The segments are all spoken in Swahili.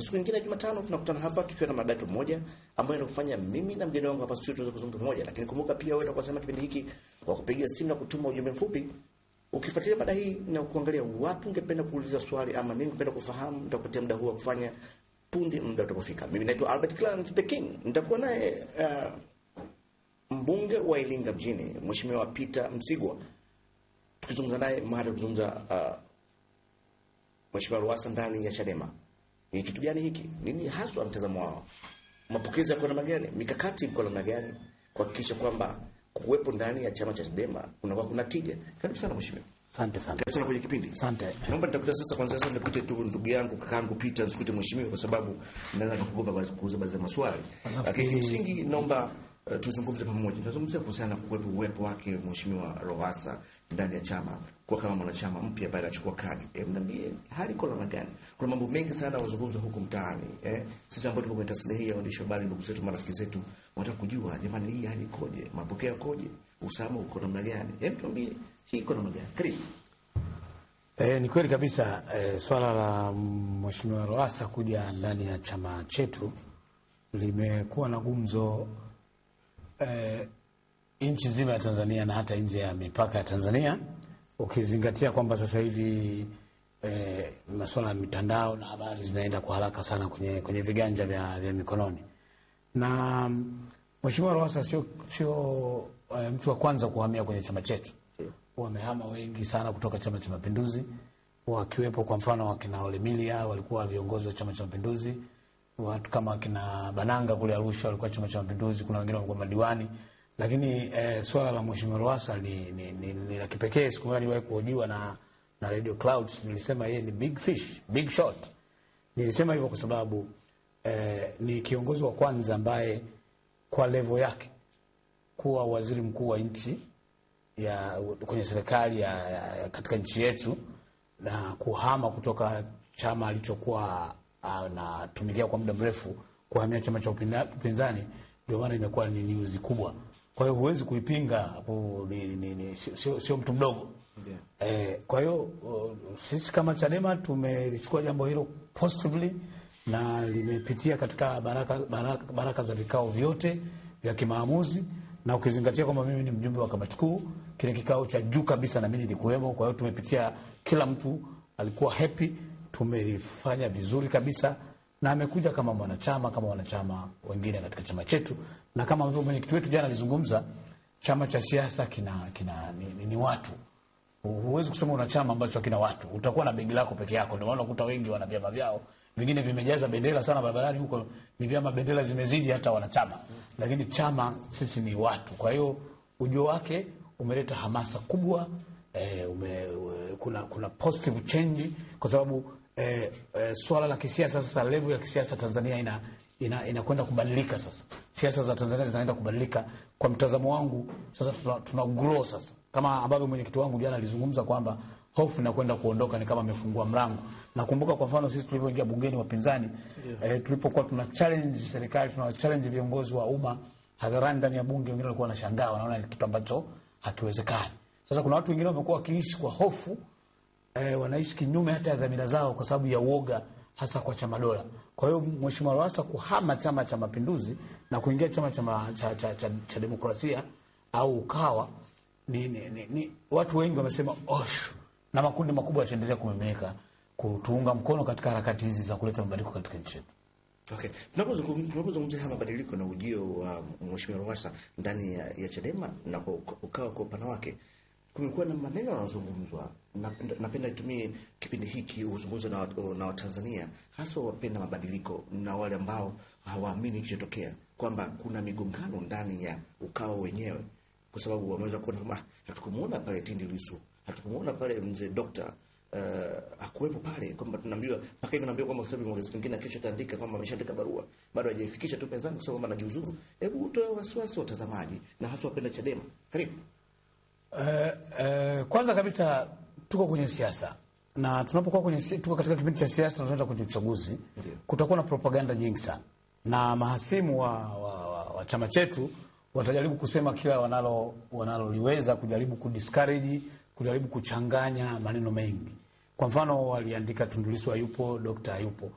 Ni siku nyingine ya Jumatano tunakutana hapa tukiwa na mada moja ambayo inakufanya mimi na mgeni wangu hapa studio tuweze kuzungumza pamoja, lakini kumbuka pia wewe utakasema kipindi hiki kwa kupiga simu na kutuma ujumbe mfupi ukifuatilia mada hii na kuangalia wapi ungependa kuuliza swali ama nini ungependa kufahamu, nitakupatia muda huu wa kufanya punde muda utapofika. Mimi naitwa Albert Clement the King, nitakuwa naye uh, mbunge wa Iringa mjini Mheshimiwa Peter Msigwa tukizungumza naye mara ya kuzungumza uh, Mheshimiwa Lowassa ndani ya Chadema ni kitu gani hiki, nini haswa mtazamo wao, mapokezi yako namna gani, mikakati iko namna gani kuhakikisha kwamba kuwepo ndani ya chama cha Chadema kunakuwa kuna tija. Karibu sana mheshimiwa. Asante sana. Karibu sana kwenye kipindi. Asante. Naomba nitakuta sasa kwanza sasa nikute tu ndugu yangu kakaangu Peter nisikute mheshimiwa kwa sababu naweza kukupa kuuza baadhi ya maswali. Lakini kimsingi naomba uh, tuzungumze pamoja. Tuzungumzie kuhusiana na kuwepo uwepo wake mheshimiwa Rowasa ndani ya chama kwa kama mwanachama mpya ambaye anachukua kadi. E, eh, mnaambie hali iko namna gani? Kuna mambo mengi sana yanazungumzwa huku mtaani eh. Sisi ambao tuko kwenye tasnia hii ya waandishi habari, ndugu zetu, marafiki zetu, wanataka kujua jamani, hii hali ikoje? Mapokeo yakoje? Usalama uko namna gani? E, tuambie hii iko namna gani? Karibu. Eh, ni kweli kabisa eh, swala la mheshimiwa Roasa kuja ndani ya chama chetu limekuwa na gumzo eh, nchi nzima ya Tanzania na hata nje ya mipaka ya Tanzania, ukizingatia kwamba sasa hivi e, masuala ya mitandao na habari zinaenda kwa haraka sana kwenye, kwenye viganja vya, vya mikononi. Na Mheshimiwa Lowassa sio, sio uh, mtu wa kwanza kuhamia kwenye chama chetu. Wamehama wengi sana kutoka Chama cha Mapinduzi, wakiwepo kwa mfano wakina Olemilia walikuwa viongozi wa Chama cha Mapinduzi, watu kama wakina Bananga kule Arusha walikuwa Chama cha Mapinduzi, kuna wengine walikuwa madiwani lakini eh, swala la Mheshimiwa Lowassa ni, ni, ni, ni la kipekee. Siku moja niliwahi kuhojiwa na, na Radio Clouds, nilisema yeye ni big fish, big shot. Nilisema hivyo kwa sababu eh, ni kiongozi wa kwanza ambaye kwa levo yake kuwa waziri mkuu wa nchi ya kwenye serikali ya, ya, katika nchi yetu na kuhama kutoka chama alichokuwa ah, anatumikia kwa muda mrefu kuhamia chama cha upinzani, ndio maana imekuwa ni news kubwa. Kwa hiyo huwezi kuipinga, sio mtu mdogo yeah. E, kwa hiyo uh, sisi kama Chadema tumelichukua jambo hilo positively na limepitia katika baraka, baraka, baraka za vikao vyote vya kimaamuzi na ukizingatia kwamba mimi ni mjumbe wa kamati kuu, kile kikao cha juu kabisa na mimi nilikuwemo. Kwa hiyo tumepitia, kila mtu alikuwa happy, tumelifanya vizuri kabisa na amekuja kama mwanachama kama wanachama wengine katika chama chetu, na kama ambavyo mwenyekiti wetu jana alizungumza, chama cha siasa kina, kina ni, ni ni watu. Huwezi kusema una chama ambacho hakina watu, utakuwa na begi lako peke yako. Ndio maana unakuta wengi wana vyama vyao vingine vimejaza bendera sana barabarani huko, ni vyama bendera zimezidi hata wanachama, lakini chama sisi ni watu. Kwa hiyo ujio wake umeleta hamasa kubwa. E, ume, ume, kuna, kuna positive change kwa sababu eh, eh, swala la kisiasa sasa, levu ya kisiasa Tanzania ina inakwenda ina kubadilika sasa. Siasa za Tanzania zinaenda kubadilika kwa mtazamo wangu. Sasa tuna, tuna grow sasa, kama ambavyo mwenyekiti wangu jana alizungumza kwamba hofu inakwenda kuondoka, ni kama amefungua mlango. Nakumbuka kwa mfano sisi tulivyoingia bungeni wapinzani, yeah. eh, tulipokuwa tuna challenge serikali, tuna challenge viongozi wa umma hadharani ndani ya bunge, wengine walikuwa wanashangaa, wanaona ni kitu ambacho hakiwezekani. Sasa kuna watu wengine wamekuwa wakiishi kwa hofu eh, wanaishi kinyume hata ya dhamira zao kwa sababu ya uoga hasa kwa chama dola. Kwa hiyo Mheshimiwa Lowassa kuhama Chama cha Mapinduzi na kuingia chama cha, cha, cha, cha, cha Demokrasia au Ukawa ni, ni, ni, ni, watu wengi wamesema osh na makundi makubwa yataendelea kumiminika kutuunga mkono katika harakati hizi za kuleta mabadiliko katika nchi yetu. Okay. Tunapozungumzia mabadiliko na ujio wa uh, Mheshimiwa Lowassa ndani ya, ya Chadema na Ukawa kwa upana wake kumekuwa na maneno yanazungumzwa. Napenda nitumie kipindi hiki kuzungumza na Watanzania, hasa wapenda mabadiliko na wale ambao hawaamini kichotokea, kwamba kuna migongano ndani ya ukao wenyewe, kwa sababu wameweza kuona kama ah, hatukumuona pale Tundu Lissu, hatukumuona pale mzee dokta Uh, eh, akuwepo pale kwamba tunaambiwa mpaka hivi naambiwa kwamba sasa mwezi mwingine kesho taandika kwamba ameshaandika barua bado hajaifikisha tu mezani kwa sababu anajiuzuru. Hebu utoe wasiwasi watazamaji na hasa wapenda Chadema. Karibu. Eh, eh, kwanza kabisa tuko kwenye siasa na tunapokuwa kwenye tuko katika kipindi cha siasa na tunaenda kwenye uchaguzi yeah. Kutakuwa na propaganda nyingi sana na mahasimu wa, wa, wa, wa chama chetu watajaribu kusema kila wanalo wanaloliweza kujaribu kudiscourage, kujaribu kuchanganya maneno mengi. Kwa mfano waliandika Tundu Lissu hayupo, Dokta hayupo.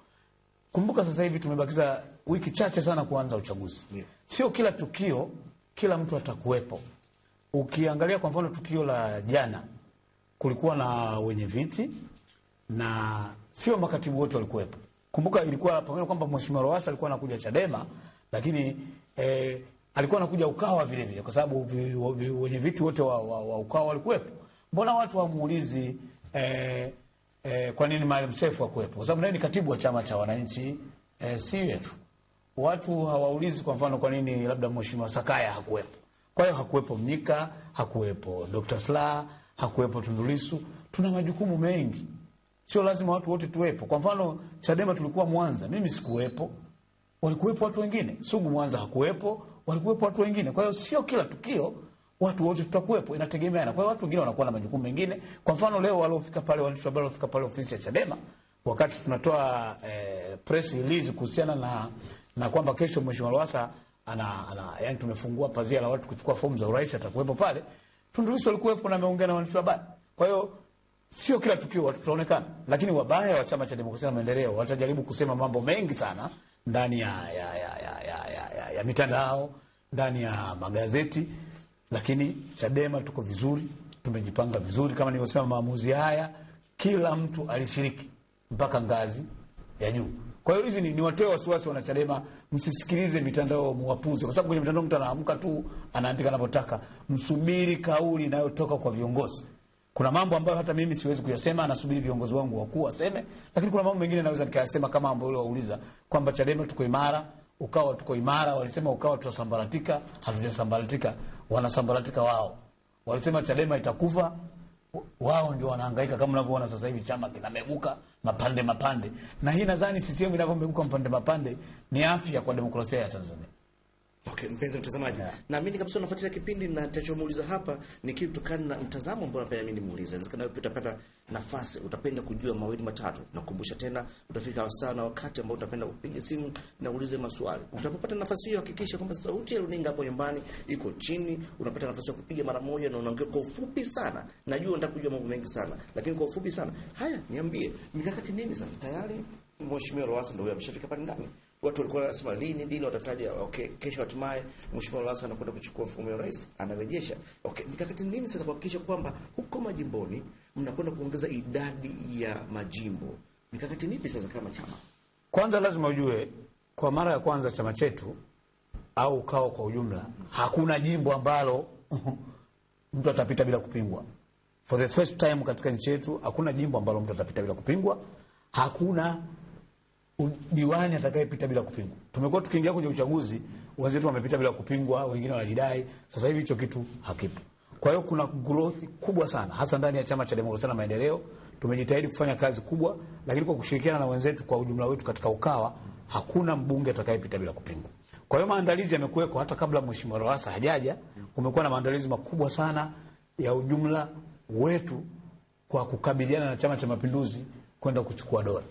Kumbuka sasa hivi tumebakiza wiki chache sana kuanza uchaguzi yeah. Sio kila tukio kila mtu atakuwepo Ukiangalia kwa mfano tukio la jana, kulikuwa na wenye viti na sio makatibu wote walikuwepo. Kumbuka ilikuwa pamoja kwamba Mheshimiwa Lowassa alikuwa anakuja Chadema, lakini eh, alikuwa anakuja Ukawa vile vile, kwa sababu wenye viti wote wa, wa, wa Ukawa walikuwepo. Mbona watu wamuulizi eh, eh, kwa nini Maalim Seif hakuwepo? Kwa sababu naye ni katibu wa chama cha wananchi eh, CUF. Watu hawaulizi kwa mfano kwa nini labda Mheshimiwa Sakaya hakuwepo kwa hiyo hakuwepo Mnyika, hakuwepo Dr. Slaa, hakuwepo Tundulisu. Tuna majukumu mengi, sio lazima watu wote tuwepo. Kwa mfano Chadema tulikuwa Mwanza, mimi sikuwepo, walikuwepo watu wengine. Sugu Mwanza hakuwepo, walikuwepo watu wengine. Kwa hiyo sio kila tukio watu wote tutakuwepo, inategemeana. Kwa hiyo watu wengine wanakuwa na majukumu mengine. Kwa mfano leo waliofika pale, waandishi wa habari waliofika pale ofisi ya Chadema wakati tunatoa eh, press release kuhusiana na na kwamba kesho Mheshimiwa Lowassa ana, ana yani tumefungua pazia la watu kuchukua fomu za urais, atakuwepo pale. Tundu Lissu alikuwepo na ameongea na waandishi wa habari. Kwa hiyo sio kila tukio watu tutaonekana, lakini wabaya wa Chama cha Demokrasia na Maendeleo watajaribu kusema mambo mengi sana ndani ya, ya, ya, ya, ya, ya, ya, ya mitandao, ndani ya magazeti, lakini Chadema tuko vizuri, tumejipanga vizuri. Kama nilivyosema, maamuzi haya kila mtu alishiriki mpaka ngazi ya juu. Kwa hiyo hizi ni, ni watoe wasiwasi wanachadema, msisikilize mitandao muwapuze, kwa sababu kwenye mitandao mtu anaamka tu anaandika anavyotaka. Msubiri kauli inayotoka kwa viongozi. Kuna mambo ambayo hata mimi siwezi kuyasema, nasubiri viongozi wangu wakuu waseme, lakini kuna mambo mengine naweza nikayasema, kama ambayo uliwauliza kwamba Chadema tuko imara, Ukawa tuko imara. Walisema Ukawa tutasambaratika, hatujasambaratika, wanasambaratika wao. Walisema Chadema itakufa wao ndio wanahangaika kama unavyoona sasa hivi chama kinameguka mapande mapande, na hii nadhani CCM inavyomeguka mapande mapande ni afya kwa demokrasia ya Tanzania. Okay, mpenzi mtazamaji, yeah. Naamini kabisa unafuatilia kipindi na tachomuuliza hapa ni kitu kutokana na mtazamo ambao napenda mimi nimuulize. Inawezekana wewe utapata nafasi, utapenda kujua mawili matatu. Nakukumbusha tena, utafika sana na wakati ambao utapenda kupiga simu na uulize maswali. Utapopata nafasi hiyo, hakikisha kwamba sauti ya runinga hapo nyumbani iko chini, unapata nafasi ya kupiga mara moja na unaongea kwa ufupi sana. Najua unataka kujua mambo mengi sana, lakini kwa ufupi sana. Haya, niambie mikakati nini sasa? Tayari Mheshimiwa Lowassa ndio ameshafika pale ndani watu walikuwa wanasema lini lini watataja, okay, kesho hatimaye Mheshimiwa Lowassa anakwenda kuchukua fomu ya rais, anarejesha. Okay, mikakati nini sasa kuhakikisha kwamba huko majimboni mnakwenda kuongeza idadi ya majimbo? Mikakati nipi sasa kama chama? Kwanza lazima ujue, kwa mara ya kwanza chama chetu au ukao kwa ujumla, hakuna jimbo ambalo mtu atapita bila kupingwa. For the first time katika nchi yetu, hakuna jimbo ambalo mtu atapita bila kupingwa. Hakuna diwani atakayepita bila kupingwa. Tumekuwa tukiingia kwenye uchaguzi, wenzetu wamepita bila kupingwa, wengine wanajidai. Sasa hivi hicho kitu hakipo. Kwa hiyo kuna growth kubwa sana, hasa ndani ya Chama cha Demokrasia na Maendeleo. Tumejitahidi kufanya kazi kubwa, lakini kwa kushirikiana na wenzetu kwa ujumla wetu katika Ukawa, hakuna mbunge atakayepita bila kupingwa. Kwa hiyo maandalizi yamekuweko hata kabla Mheshimiwa Lowassa hajaja. Kumekuwa na maandalizi makubwa sana ya ujumla wetu kwa kukabiliana na Chama cha Mapinduzi kwenda kuchukua dola